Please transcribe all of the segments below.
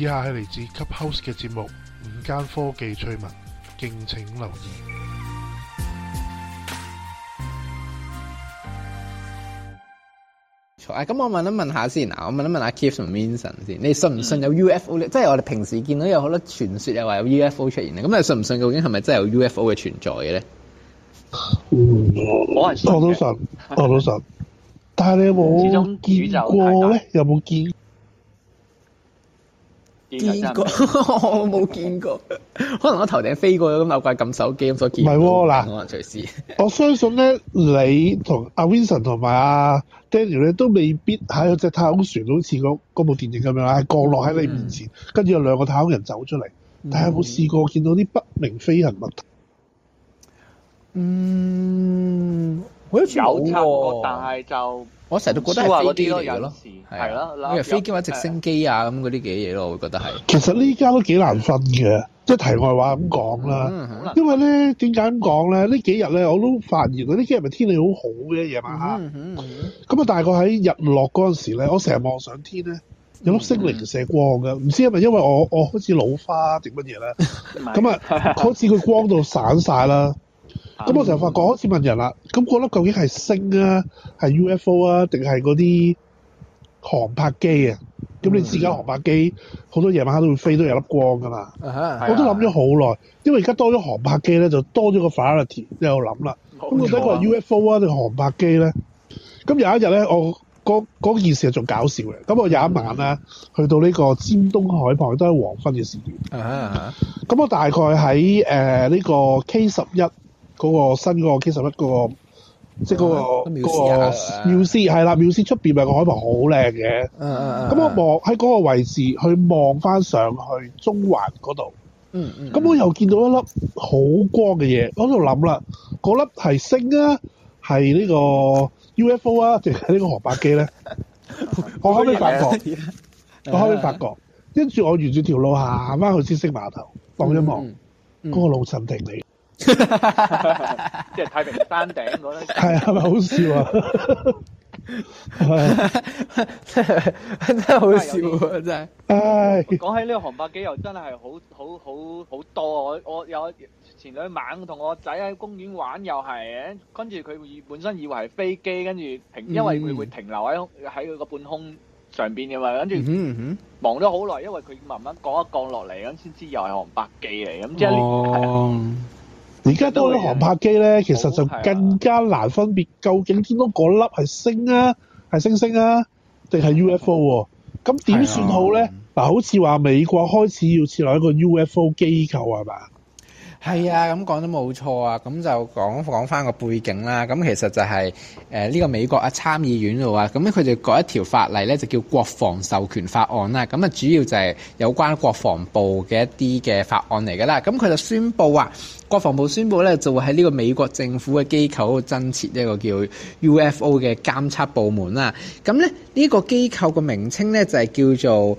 以下係嚟自 Keep House 嘅節目《五間科技趣聞》，敬請留意。咁、嗯嗯、我問一問下先啊，我問一問阿 Keith Mason 先，你信唔信有 UFO、嗯、即係我哋平時見到有好多傳說又話有 UFO 出現，咁你信唔信究竟係咪真係有 UFO 嘅存在嘅咧？嗯，我係我都信，我都信， 都信 但係你有冇見過咧？有冇見？見過，見過，見過 我冇見過，可能我頭頂飛過咁啊，怪撳手機咁所見唔係嗱，可能隨時。我相信咧， 你同阿 Vincent 同埋阿 Daniel 咧，都未必喺有隻太空船，好似嗰部電影咁樣，係降落喺你面前，跟、嗯、住有兩個太空人走出嚟。但係有冇試過見到啲不明飛行物體？嗯。有，我好似冇，但係就我成日都覺得係飛機嚟嘅咯，係咯，因為飛機或者直升機啊，咁嗰啲嘅嘢咯，我覺得係。其實呢家都幾難分嘅，即係題外話咁講啦。因為咧，點解咁講咧？這幾天呢幾日咧，我都發現嗰啲天氣係天氣好好、啊、嘅夜晚黑。咁、嗯、啊、嗯嗯，但係喺日落嗰陣時咧，我成日望上天咧，有粒星零射光嘅，唔知係咪因為我我好似老花定乜嘢咧？咁啊，好似佢光度散晒啦。 咁、嗯嗯、我成日發覺開始問人啦，咁嗰粒究竟係星啊，係 UFO 啊，定係嗰啲航拍機啊？咁、嗯、你自己航拍機好、嗯、多夜晚黑都會飛，都有粒光噶嘛、啊？我都諗咗好耐，因為而家多咗航拍機咧，就多咗個 variety 你度諗啦。咁、嗯、到底係 UFO 啊定係航拍機咧？咁、嗯、有一日咧，我嗰件事係仲搞笑嘅。咁我有一晚呢，嗯、去到呢個尖東海旁，都係黃昏嘅時段。咁、啊、我大概喺呢、呃呢個 K 十一。嗰、那個新嗰個 K11 嗰個，即嗰、那個嗰、啊那個廟師廟師出面咪個海旁好靚嘅，咁、啊、我望喺嗰個位置去望返上去中環嗰度，咁、嗯嗯嗯、我又見到一粒好光嘅嘢，我喺度諗啦，嗰粒係星啊，係呢個 UFO 啊，定係呢個荷包機呢？ 我可可、啊？我可以發覺， 我可以發覺，跟、啊、住我沿住條路行返去先，星碼頭望一望，嗰、嗯那個老神停你。即 係 太平山頂嗰啲，係係咪好笑啊？真係好笑啊！真係。唉，講起呢個航拍機又真係好好好好多。我我有前兩晚同我仔喺公園玩，又係跟住佢以本身以為係飛機，跟住停、嗯，因為佢會停留喺喺佢個半空上邊嘅嘛，跟住忙咗好耐，因為佢慢慢降一降落嚟，咁先知又係航拍機嚟咁。即哦。而家多啲航拍機呢，其實就更加難分別，究竟天空嗰粒係星啊，係星星啊，定係 UFO？咁、啊、點算好呢？嗱，好似話美國開始要設立一個 UFO 機構係嘛？是吧？係啊，咁講都冇錯啊，咁就講講翻個背景啦。咁其實就係誒呢個美國啊參議院度啊，咁咧佢就改一條法例咧，就叫國防授權法案啦。咁啊主要就係有關國防部嘅一啲嘅法案嚟噶啦。咁佢就宣布啊，國防部宣布咧就會喺呢個美國政府嘅機構度增設一個叫 UFO 嘅監測部門啦。咁咧呢、這個機構嘅名稱咧就係、是、叫做。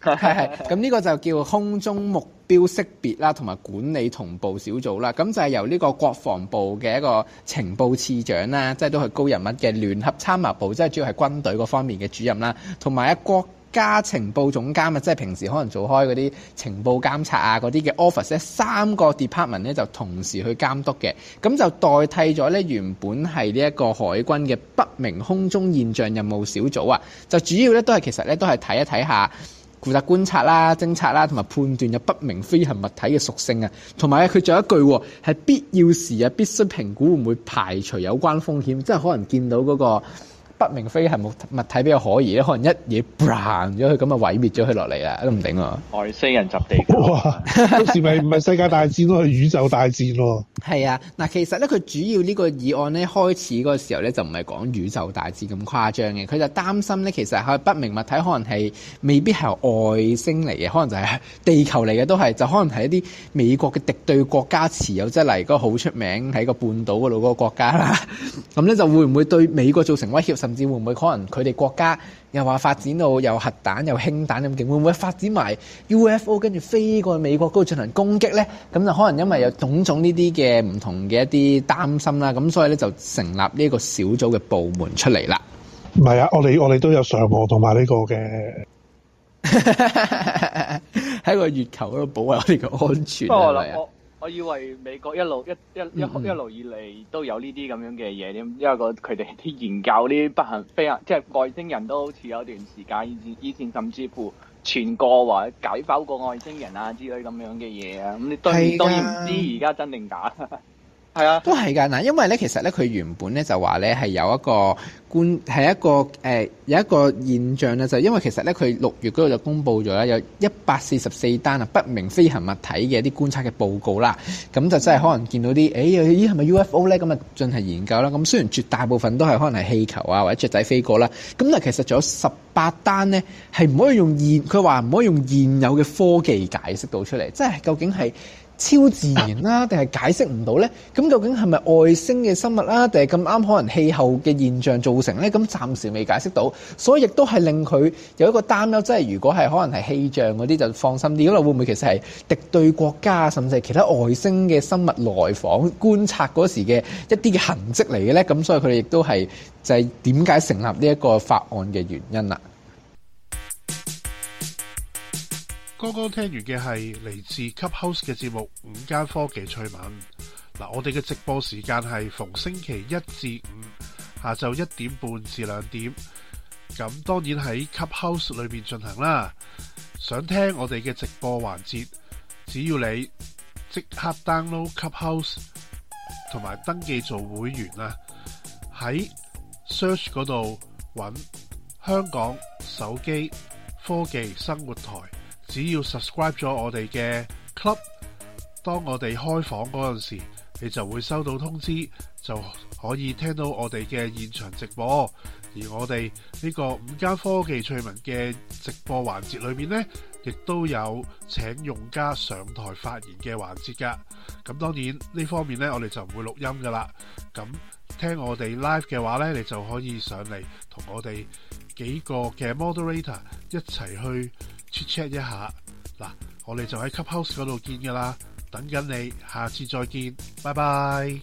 係 係，咁呢個就叫空中目標識別啦，同埋管理同步小組啦。咁就係由呢個國防部嘅一個情報次長啦，即係都係高人物嘅聯合參謀部，即係主要係軍隊嗰方面嘅主任啦，同埋一國家情報總監啊，即係平時可能做開嗰啲情報監察啊嗰啲嘅 office，三個 department 咧就同時去監督嘅，咁就代替咗咧原本係呢一個海軍嘅不明空中現象任務小組啊，就主要咧都係其實咧都係睇一睇下。負責觀察啦、啊、偵察啦、啊，同埋判斷有不明飛行物體嘅屬性啊，同埋咧，佢仲有一句係必要時啊，必須評估會唔會排除有關風險，即係可能見到嗰、嗰個。不明飛行物物體比較可疑咧，可能一嘢崩咗佢，咁啊毀滅咗佢落嚟啊，都唔定喎。外星人襲地球，到 時咪唔係世界大戰咯，係 宇宙大戰咯。係啊，嗱，其實咧佢主要呢個議案咧開始嗰個時候咧就唔係講宇宙大戰咁誇張嘅，佢就擔心咧其實係不明物體，可能係未必係外星嚟嘅，可能就係地球嚟嘅都係，就可能係一啲美國嘅敵對國家持有即，即係嚟個好出名喺個半島嗰度嗰個國家啦。咁咧就會唔會對美國造成威脅，甚會唔會可能佢哋國家又話發展到有核彈又氫彈咁勁，會唔會發展埋 UFO 跟住飛過去美國嗰度進行攻擊咧？咁就可能因為有種種呢啲嘅唔同嘅一啲擔心啦，咁所以咧就成立呢個小組嘅部門出嚟啦。唔係啊，我哋我哋都有上網同埋呢個嘅，喺 個月球嗰度保衛我哋嘅安全啊。哦是我以為美國一路一一一一路以嚟都有呢啲咁樣嘅嘢，因為個佢哋啲研究呢啲不幸非常，即係外星人都好似有段時間，以至以前甚至乎傳過話解剖過外星人啊之類咁樣嘅嘢啊，咁你當然當然唔知而家真定假。係啊，都係㗎。嗱，因為咧，其實咧，佢原本咧就話咧係有一個觀，係一個誒、呃、有一個現象咧，就係、因為其實咧，佢六月嗰度就公布咗有一百四十四單啊不明飛行物體嘅啲觀察嘅報告啦。咁就真係可能見到啲，誒咦係咪 UFO 咧？咁啊進行研究啦。咁雖然絕大部分都係可能係氣球啊或者雀仔飛過啦，咁但其實仲有十八單咧係唔可以用現，佢話唔可以用現有嘅科技解釋到出嚟，即係究竟係，超自然啦、啊，定係解釋唔到呢？咁究竟係咪外星嘅生物啦、啊，定係咁啱可能氣候嘅現象造成呢？咁暫時未解釋到，所以亦都係令佢有一個擔憂，即係如果係可能係氣象嗰啲就放心啲。咁啊會唔會其實係敵對國家，甚至係其他外星嘅生物來訪觀察嗰時嘅一啲嘅痕跡嚟嘅呢？咁所以佢哋亦都係就係點解成立呢一個法案嘅原因啦、啊。剛剛聽完嘅係嚟自 Cup House 嘅節目《五間科技趣聞》嗱。我哋嘅直播時間係逢星期一至五下晝一點半至兩點。咁當然喺 Cup House 裏邊進行啦。想聽我哋嘅直播環節，只要你即刻 download Cup House 同埋登記做會員啊。喺 Search 度揾香港手機科技生活台。只要 subscribe 咗我哋嘅 club，當我哋開房嗰陣時，你就會收到通知，就可以聽到我哋嘅現場直播。而我哋呢個五間科技趣聞嘅直播環節裏面呢，亦都有請用家上台發言嘅環節㗎。咁當然呢方面呢，我哋就唔會錄音㗎喇。咁聽我哋 live 嘅話呢，你就可以上嚟同我哋幾個嘅 moderator 一齊去。Check 一下，嗱，我哋就喺 clubhouse 嗰度見噶啦，等緊你，下次再見，拜拜。